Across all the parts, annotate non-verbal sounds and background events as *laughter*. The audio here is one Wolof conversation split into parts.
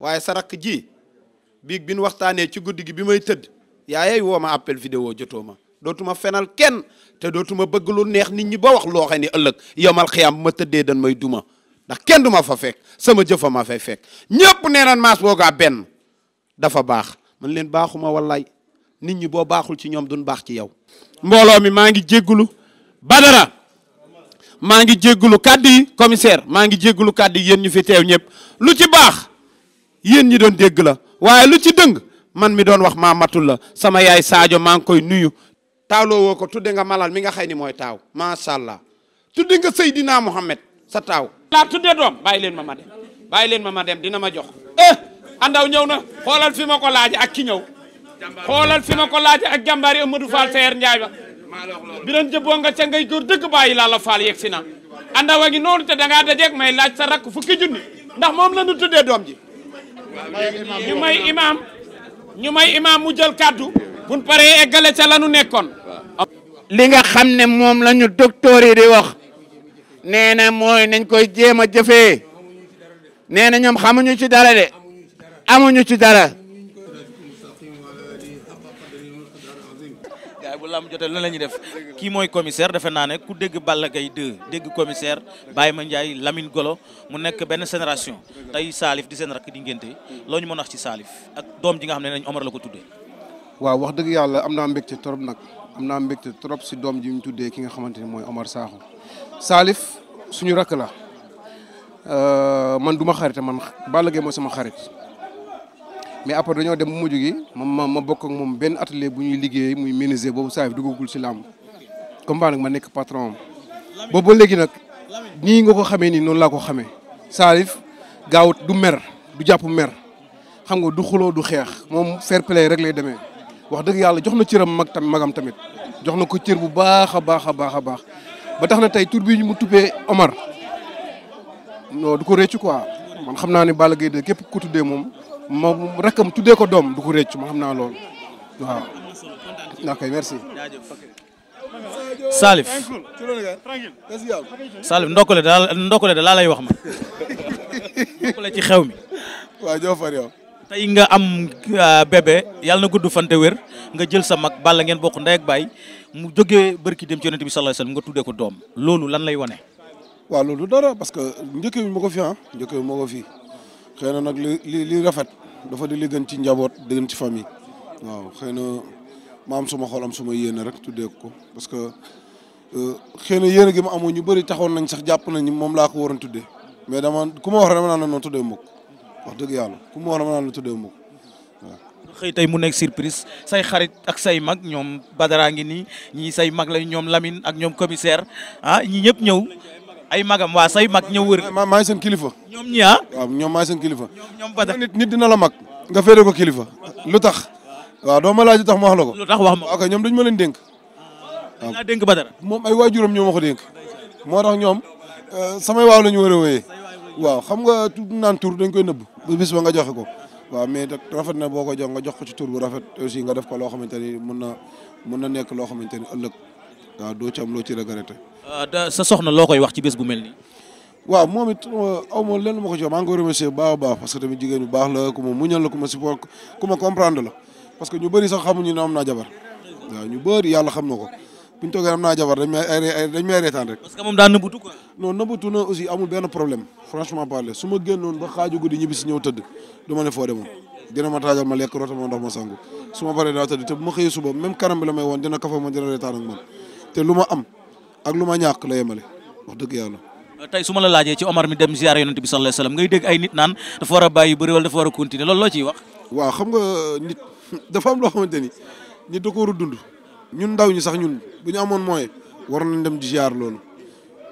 waaye sa ji biig bi nu waxtaanee ci guddi gi bi may tëdd yaaye woo ma appel vidéo jotoo ma dootuma fenal kenn te dootuma bëgg lu neex nit ñi ba wax loo xam ëllëg yomal xiyam bu ma tëddee dan may duma ndax kenn du ma fa fekk sama jëfa ma fay fekk ñëpp neena nan maas boogaa benn dafa baax man leen baaxuma wallaay nit ñi boo baaxul ci ñoom duñ baax ci yow mbooloo mi maa ngi jéggulu badara maa ngi jéggulu kàddu yi commissaire maa ngi jéggulu kàddu yi yéen ñu fi teew ñëpp lu ci baax yéen ñi doon dégg la waaye lu ci dëng man mi doon wax maa matul la sama yaay saajo maa ngi koy nuyu taaloo woo ko tudde nga malal mi nga xay ni mooy taaw macha allah tudde nga Seydina Mohamed sa taaw laa tudde doom bàyyi leen ma ma dem bàyyi leen ma ma dem dina ma jox eh andaw ñëw na xoolal fi ma ko laaj ak ki ñëw xoolal fi ma ko laaje ak jàmbaar yi Amadou Fall Seer Njaay ba biran jëboo nga ca ngay góor dëgg bàyyi laa la Fall yegg si na andaw a ngi noonu te dangaa dajeeg may laaj sa rakk fukki junni ndax moom la nu tuddee ji ñu may imaam ñu may imaam mu jël kàddu buñ paree eggale ca la nu nekkoon li nga xam ne moom lañu ñu docteur yi di wax nee na mooy nañ koy jéem a jëfee nee na ñoom xamuñu ci dara de amuñu ci dara lamb jotee lu la ñuy def kii mooy commissaire defe naa ne ku dégg Balla Gaye dégg commissaire Baye Ma Ndiaye Lamine Golo mu nekk benn génération tey Salif di seen rakk di loo ñu mën a ci saalif ak doom ji nga xam ne nañ Omar la ko tuddee waaw wax dëgg yàlla am naa mbégte trop nag am naa mbégte trop si doom ji ñu tuddee ki nga xamante ni mooy Omar Sakho Salif suñu rakk la euh, man du ma xarit man Balla Gaye mooy sama xarit mais après dañoo dem mujj gi ma ma bokk moom benn atelier bu ñuy liggéey muy menuisier boobu saa yu duggagul si làmb comme baa nag ma nekk patron am boobu léegi nag nii nga ko xamee nii noonu laa ko xamee Salif gaawut du mer du jàpp mer xam nga du xuloo du xeex moom fair play rek lay demee wax dëgg yàlla jox na cëram mag tam magam tamit jox na ko cër bu baax a baax a baax a baax ba tax na tey tur bi ñu mu tuppee Omar noo du ko réccu quoi man xam naa ne Balla Gaye képp ku moom moom rakam tuddee ko doom du ko réccu ma xam naa loolu waaw. ok merci. Salif. Salif ndokkale daal ndokkale daal laa lay wax ma. ndokkale ci xew mi. waaw joo far tey nga am euh, bébé yàlla na gudd fante wér nga jël sa mag Balla ngeen bokk ndey baay mu jógee barki dem ci yonent bi sallallahu alayhi wasallam nga tuddee ko doom loolu lan lay wane. waaw loolu dara parce que njëkk bi ma fi ah njëkk bi ma fi. xëy nag li li li rafet dafa di li gën ci njaboot di gën ci famille waaw xëy na ma am suma xol am suma yéene rek tuddee ko parce que euh, xëy na yéene gi ma amoon ñu bëri taxoon nañ sax jàpp nañ moom laa ko waroon tuddee mais dama ku ma wax dama naan la noo tuddee mbokk wax dëgg yàlla ku ma wax dama naan la tuddee mbokk waaw. xëy tey mu nekk surprise say xarit ak say mag ñoom Badara ngi nii ñii say mag lañ ñoom Lamine ak ñoom commissaire ah ñii ñëpp ñëw ay magam waa say mag ñëw wër. maa maay seen kilifa. ñoom ñi ah. waaw ñoom seen kilifa. ñoom ba nit nit dina la mag. nga féete ko kilifa. lu tax. waaw doo ma laaj lu tax ma wax la ko. lu wax ma ko ok ñoom dañu ma leen dénk. waaw ah, dañu ba dara. moom ay waajuram ñoo ma ko dénk. moo tax ñoom euh, samay waaw la ñu war a wéyee. waaw xam nga tudd naan tur dañ koy nëbb. bu ba nga joxe ko. waaw mais rafet na boo ko jox nga jox ko ci tur bu rafet aussi nga def ko loo xamante ni mën na mën na nekk loo xamante ni ëllëg waaw doo ci am loo ci a baax parce que tamit jigéen bu baax la ku ma muñal la ku am naa jabar waaw ñu bëri yàlla xam na ko bu ñu toogee am naa jabar dañ may ay dañ may reetaan rek. parce moom daan nëbbutu quoi. amul benn problème franchement parler su ma génnoon ba xaaju guddi ñibbi si ñëw tëdd du ma ne foo dina ma taajal ma lekk roota ma ndox ma sangu su ma paree daa tëdd te bu ma xëyee suba même kanam may woon dina kafa ma dina reetaan ak man te lu ma am ak lu ma ñàkk la yemale wax dëgg yàlla. tey su ma la laajee ci Omar mi dem ziar yonent bi sallallahu alayhi wasallam ngay ay nit naan dafa war a bàyyi bëri wala dafa a continuer loolu loo ciy wax. waaw xam nga nit *laughs* dafa am loo xamante ni nit da ko war a dund ñun ndaw ñi sax ñun bu ñu amoon moyen war nañ dem di ziar loolu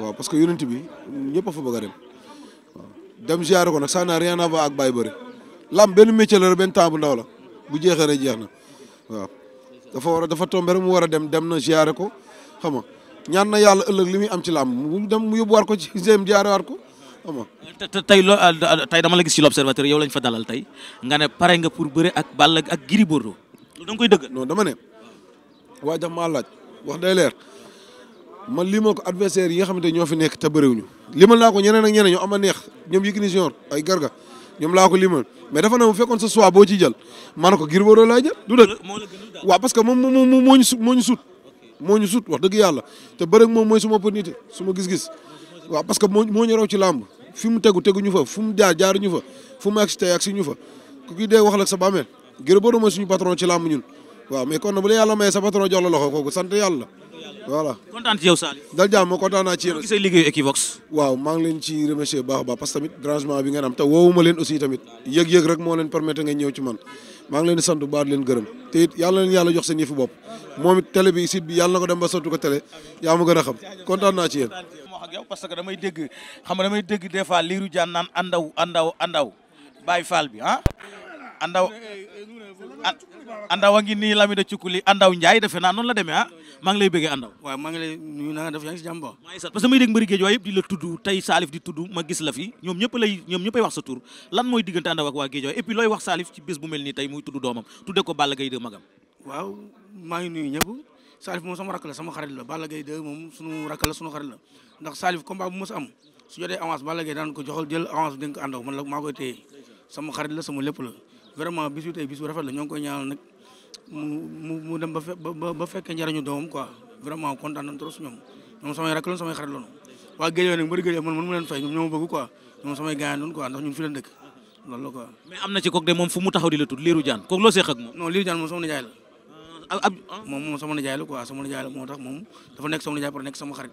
waaw parce que yonent bi ñëpp a fa bëgg a dem dem ziar ko nag ça n'a rien à voir ak bàyyi bëri lam benn métier la benn temps bu ndaw la bu jeexee rek jeex na waaw dafa war mu war a dem dem na ziar ko. xam nga ñaan na yàlla ëllëg li muy am ci làmb mu dem mu yóbbuwaat ko ci GM jaarewaat ko xam nga. dama la gis ci l'observateur yow lañ fa dalal tey nga ne pare nga pour bëre ak Balla ak da nga koy dëgg. non dama ne waa jàmm laaj wax day ma ko adversaire yi nga xamante ñoo fi nekk te bëriwuñu limal naa ko ñeneen ak ñeneen ñoo am a neex ñoom Yékini Junior ay garga ñoom laa ko limal mais dafa na mu fekkoon sa choix boo ciy jël ma ne ko du dëgg waaw parce moom moo ñu sut wax dëgg yàlla te bëri moom mooy suma opportunité suma gis-gis waaw parce que moo moo ñu raw ci làmb fi mu tegu tegu ñu fa fu mu jaar jaar ñu fa fu mu agsi tey agsi ñu fa ku ki dee wax la sa gir Gris mooy suñu patron ci làmb ñun waaw mais kon na bu yàlla maye sa patron jox la loxo kooku sant yàlla voilà. kontaan ci yow Saly. dal jàmm ma kontaan ci yéen. gisee liggéeyu ngi leen ci remercier bu baax a baax parce que tamit dérangement bi ngeen am te woowuma leen aussi tamit yëg-yëg rek moo leen permettre ngeen ñëw ci man maa ngi leen di sant bu leen gërëm te it yàlla leen yàlla jox seen yëfu bopp moom it télé bi site bi yàlla na ko dem ba sotti ko télé yaa gën a xam kontaan naa ci yéen. moo parce que damay dégg xam nga damay dégg des fois liiru jaan naan andaw andaw andaw bàyyi faal bi ah. andaw andaw a ngi nii Lamine Cukkuli andaw Njaay defe naa noonu la demee ah maa ngi lay bëggee andaw waaw maa ngi lay nuyu naa nga def yaa ngi si jàmm ba parce que may dégg mbëri géej waaye yëpp di la tudd tey Salif di tudd ma gis la fi ñoom ñëpp lay ñoom ñëppay wax sa tur lan mooy diggante andaw waa géej waaw maa ngi nuyu ñëpp Salif moom sama rakk la sama xarit la sama xarit la vraiment bisu tey bisu rafet la ñoo koy ñaanal nag mu mu dem ba fe ba ba fekkee njariñu doomam quoi vraiment kontaan nañ trop si ñoom ñoom samay rakk lañ samay xarit lañu waa géej nag mbëri man mu leen fay ñoom ñoo bëgg ñoom samay gaañ lañ quoi ndax ñun fi leen dëkk loolu la quoi. am na ci kooku de moom fu mu taxaw di la tudd Lirou Diane kooku loo seex ak moom. non Lirou Diane moom sama nijaay ah, ah, ah. moom moom sama nijaay la moo tax moom dafa nekk sama nijaay pour nekk sama xarit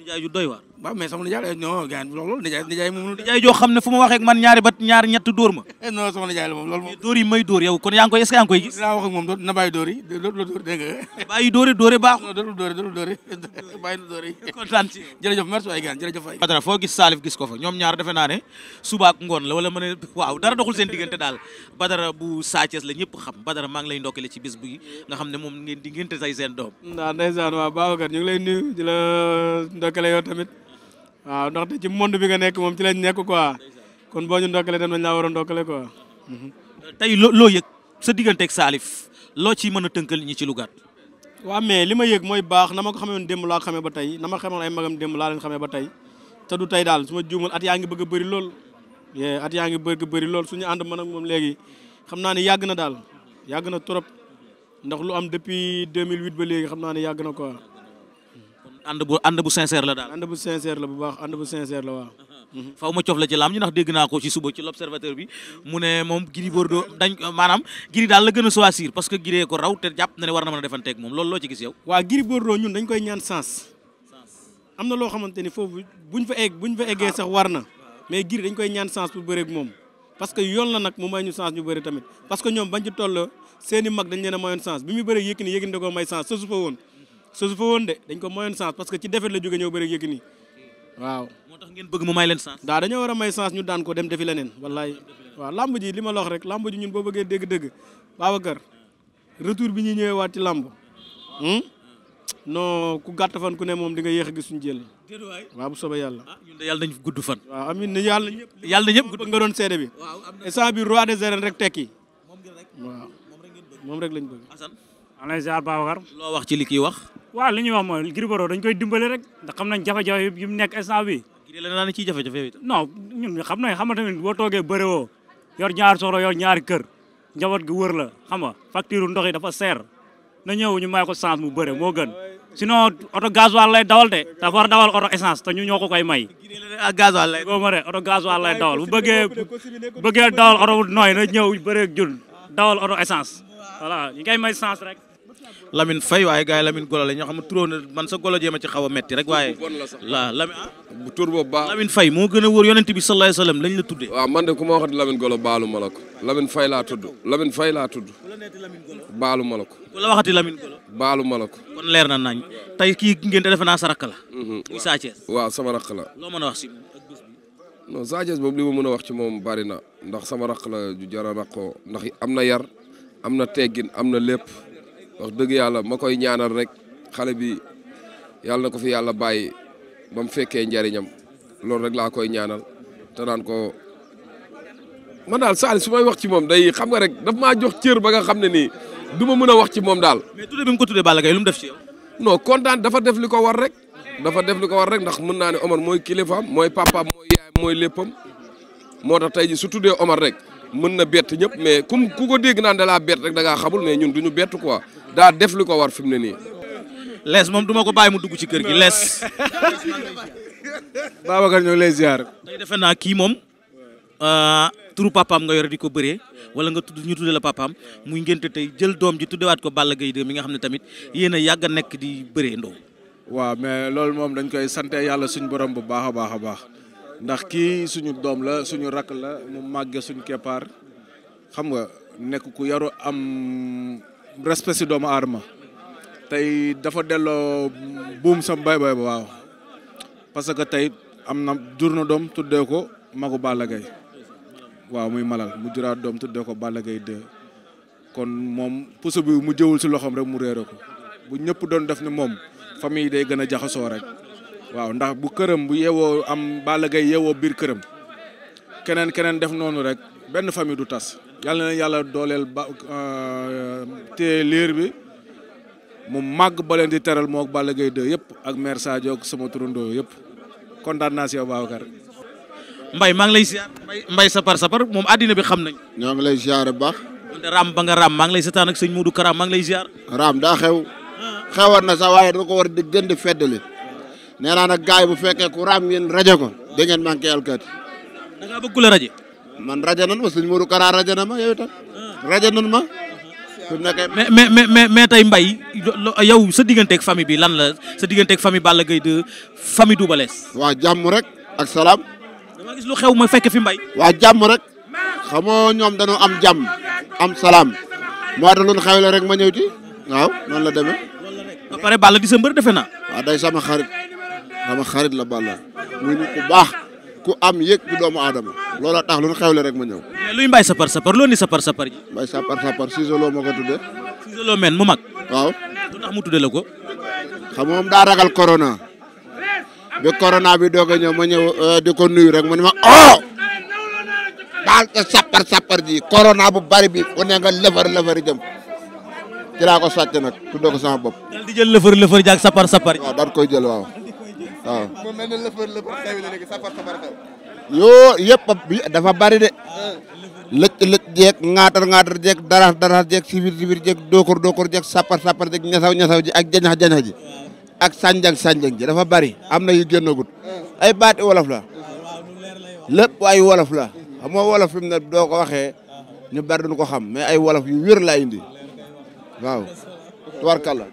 nijaay ju doy waar waaw mais sama nijaay non gars yi loolu nijaay nijaay moom nijaay joo xam ne fu ma waxee ak man ñaari bat ñaari ñett dóor ma *laughs* non sama nijaay la moom loolu moom dóor yi may dóor yow kon yaa ngi koy est-ce que yaa ngi koy gis dinaa wax ak moom na bàyyi dóor yi dootul dóor dégg nga bàyyi dóore dóore baax dootul dóore dootul dóore bàyyi dóor yi kontaan ci jërëjëf merci waay gaan jërëjëf waay dara foo gis Salif gis ko fa ñoom ñaar defe naa ne suba ak ngoon la wala ma ne waaw dara doxul seen diggante daal Badara bu Sathiès la ñëpp xam Badara maa ngi lay ndokkale ci bis bu nga xam ne moom ngeen di ngénte say seen doom ndeysaan waaw Babacar ñu ngi lay nuyu di la ndokkale yow tamit waaw ndaxte ci monde bi nga nekk moom ci lañ nekk quoi a ndokkale quoi. Euh, tey loo loo yëg sa digganteeg Salif loo ciy a lu li ma yëg mooy baax na ma ko xamee démb laa xamee ba tey na ma xamoon ay magam démb laa leen xamee ba tey te du tey daal su ma juumal at yaa ngi bëgg a bëri lool at yaa ngi bëgg a bëri lool suñu ànd man a moom léegi xam naa ne yàgg na daal yàgg na trop ndax lu am depuis 2008 ba léegi xam naa ne yàgg na quoi ànd bu ànd la daal. ànd bu sincère la bu baax ànd bu sincère la waaw. Uh-huh. faw ma cof la ci laam ñu ndax dégg naa ko ci suba ci l'observateur bi mu ne moom Gris Bordeaux dañ maanaam Gris a dañ koy ñaan sens. am na loo xamante ni foofu buñ fa eggee sax war na mais Gris dañ koy ñaan sens bu bëreeg moom. parce que yoon la nag mu may ñu chance ñu bëri tamit parce que ñoom bañ ci toll seeni mag dañ leen a mayoon chance bi muy bëri Yékini Yékini da koo may chance soosu fa woon de dañ ko mayoon chance parce que ci défaite la jóge ñëw bëri yëg nii waaw. moo tax ngeen bëgg mu may leen chance. a may chance ñu daan ko dem defi leneen wallaay waaw lamb ji li ma la wax rek lamb ji ñun boo bëggee dégg-dégg Babacar retour bi ñuy ñëwewaat ci lamb hmm? non ku gàtt fan ku ne moom di nga yéex a gis suñu jël waaw bu soobee yàlla. Ah, ñun de yàlla dañ gudd fan. waaw amiin na yàlla ñëpp. yàlla na ñëpp gudd nga doon seede bi. instant bi roi des waaw moom rek lañ bëgg. Assane. alay a Babacar. loo wax ci li kii wax. waaw li ñuy wax mooy Gris Bordeaux dañ koy dimbale rek ndax xam nañ jafe-jafe yi mu nekk instant bi non ñun xam nañ xam nga tamit boo toogee bëre woo yor ñaari soxla yor ñaari kër njaboot gi wër la xam nga facture ndox yi dafa seer na ñëw ñu may ko chance mu bëre moo gën sinon oto gasoil lay dawal de dafa war a dawal oto essence te ñu ñoo ko koy may boo ma re oto gasoil lay dawal bu bëggee bëggee dawal oto nooy na ñëw bëre jun dawal oto essence voilà ñu koy may chance rek lamin Faye waaye gaay yi Lamine Golo la ñoo xam ne turoo na man sa golo jéem a ci xaw a metti rek waaye la Lamine ah. bu tur boobu baax Lamine Faye moo gën a wóor yonent bi sallallahu alayhi wa sallam lañ la tuddee waaw man de ku ma waxati Lamine Golo baalu ma la ko Lamine Faye laa tudd Lamine Faye laa tudd baalu ma la ko ku la waxati Lamine Golo baalu ma la ko kon leer na nañ tey kii ngeen te defe naa sa rakk la mhm. muy Sa Thiès waaw la loo mën a wax si non Sa boobu li ma mën a wax ci moom bari na ndax sama rakk la ju jara rakkoo ndax am na yar am na teggin am na lépp wax dëgg yàlla ma koy ñaanal rek xale bi yàlla na ko fi yàlla bàyyi ba mu fekkee njariñam loolu rek laa koy ñaanal te naan ko man daal Saly su may wax ci moom day xam nga rek dafa maa jox cër ba ga xam ne nii du ma mën a wax ci moom daal. mais ko tuddee Balla Gaye lu mu def ci yow. non kontaan dafa def ko war rek. dafa def li ko war rek ndax mën naa ne Omar mooy kilifaam mooy papaam mooy yaayam mooy léppam moo tax tey ji su tuddee Omar rek mën na bett ñëpp mais comme ku ko dégg naan da laa bett rek da ngaa xamul mais ñun ñu bett quoi. daa def li ko war fi mu ne nii. lees moom duma ko bàyyi mu dugg ci kër gi lees. *laughs* Babacar ñoo ngi lay ziar. tey defe naa kii moom euh, turu papaam nga yore di ko bëree wala nga tudd ñu tuddee la papaam muy ngénte tey jël doom ji tuddewaat ko Balla Gaye 2 mi nga xam ne tamit yéen a yàgg a nekk di bëree ndoo. waaw mais loolu moom dañ koy sante yàlla suñu borom bu baax a baax a baax ndax kii suñu doom la suñu rakk la mu màgge suñu keppaar xam nga nekk ku yaru am. respect si doomu aadama tey dafa delloo buum sa bay bay ba waaw parce que tey am na jur na doom tuddee ko magu Balla gay waaw muy malal mu juraat doom tuddee ko Balla gay 2 kon moom puso bi mu jëwul si loxoom rek mu réere ko bu ñëpp doon def ni moom famille day gën a jaxasoo rek waaw ndax bu këram bu yeewoo am Balla gay yeewoo biir këram keneen keneen def noonu rek benn famille du tas yàlla na yàlla dooleel ba euh, téye liir bi mu màgg ba leen di teral moo ak Balla Gaye 2 yëpp ak mère Sadio ak sama turandoo yëpp kontaan naa si yow maa ngi lay ziar Mbaye Mbaye sapar sapar moom àddina bi xam nañ ñoo lay ziar bu baax. raam ba nga raam maa ngi lay setaan ak lay ziar. raam daa xew. xewoon na sax waaye da ko war di gën di feddali. nee naa nag yi bu fekkee ku raam ngeen rajo ko da ngeen manqué alkaati da ngaa bëgg ku raje. man rajo nan ma suñ Modou Kara rajo na ma ah. rajo nan ma. mais mais mais mais tey mbay yow sa digganteeg famille bi lan la sa digganteeg famille Balla Gaye de famille Double Less. waa jàmm rek ak salaam. lu xew ma fekk fi mbay waa jàmm rek xam ñoom dañoo am jàmm am salaam moo tax loolu xew la rek ma ñëw waaw noonu la demee. ba pare Balla di sa mbër defe naa. waaw day sama xarit sama xarit la Balla muy nit ku ku am yëg doomu aadama loola tax lu ñu xewle rek ma ñëw. mais luy mbay sapar sapar loo ni sapar sapar ji. mbay ma ko tuddee. sisoloo men mu mag. waaw lu tax mu tuddee la ko. xam moom daa ragal corona. bi corona bi doog a ñëw ma ñëw euh, di ko nuyu rek mu ne ma oh. daal sapar sapar ji corona bu bari bi ku nga lëfër lëfër jëm. ci ko sàcc nag tuddee ko sama bopp. daal di jël lëfër lëfër ji ak sapar sapar ji. waaw daal koy jël waaw. waaw mu mel ne lëfër lëfër xew yoo yëpp dafa bari de lëkk lëkk jeeg ŋaatar ŋaatar jeeg darax darax jeeg sibir sibir jeeg dookor dookor jek sapar sapar jeeg ñasaw ñasaw ji ak jañax jañax ji ak sànjang sànjang ji dafa bari am na yu génnagut ay baati wolof la lépp ay wolof la xam nga wolof fi mu ne doo ko waxee ñu bari duñ ko xam mais ay wolof yu wér laa indi waaw tubarkalla